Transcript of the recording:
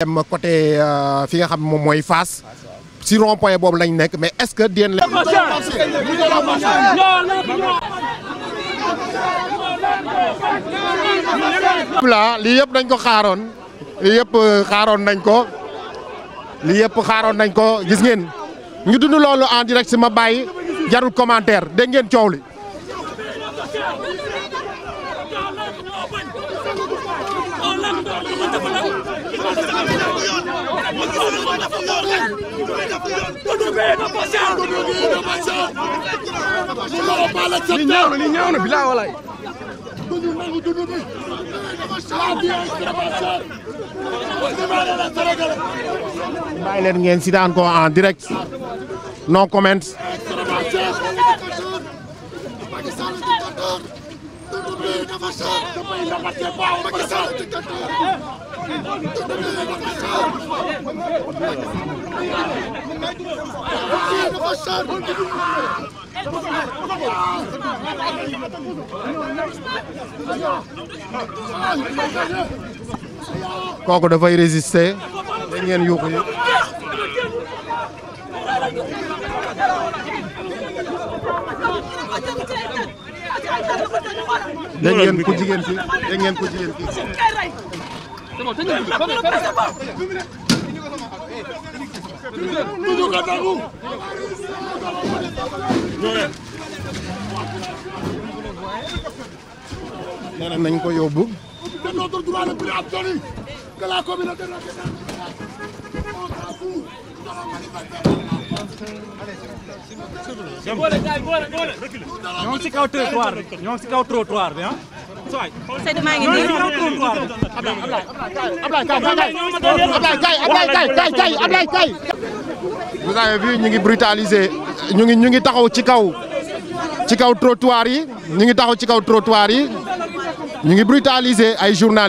dem côté euh, fi nga xam moom mooy Fass si rond boobu lañ nekk mais est-ce que dien la lii yëpp dañ ko xaaroon lii yëpp euh, xaaroon nañ ko lii yëpp xaaroon nañ ko gis ngeen ñu dund loolu en direct si ma bàyyi jarul commentaire dégg ngeen coow li dafa yoon leen ngeen si daan ko en direct non comment. dafa kooku dafay résister da ngeen yuuxu yi da ngeen ku jigéen fi da ngeen ku jigéen fi bon tëj nañu ko nee nañ ko yóbbu. ñoo ngi si kaw trottoir bi ñoo ngi si kaw trottoir bi ah. Seydou maa ngi nii. Ablaye Kaye Kaye Ablaye Kaye. vous avez vu ñu ngi brutaliser ñu ngi ñu ngi taxaw ci kaw ci kaw trottoir yi ñu ngi taxaw ci kaw trottoir yi ñu ngi brutaliser ay journalistes.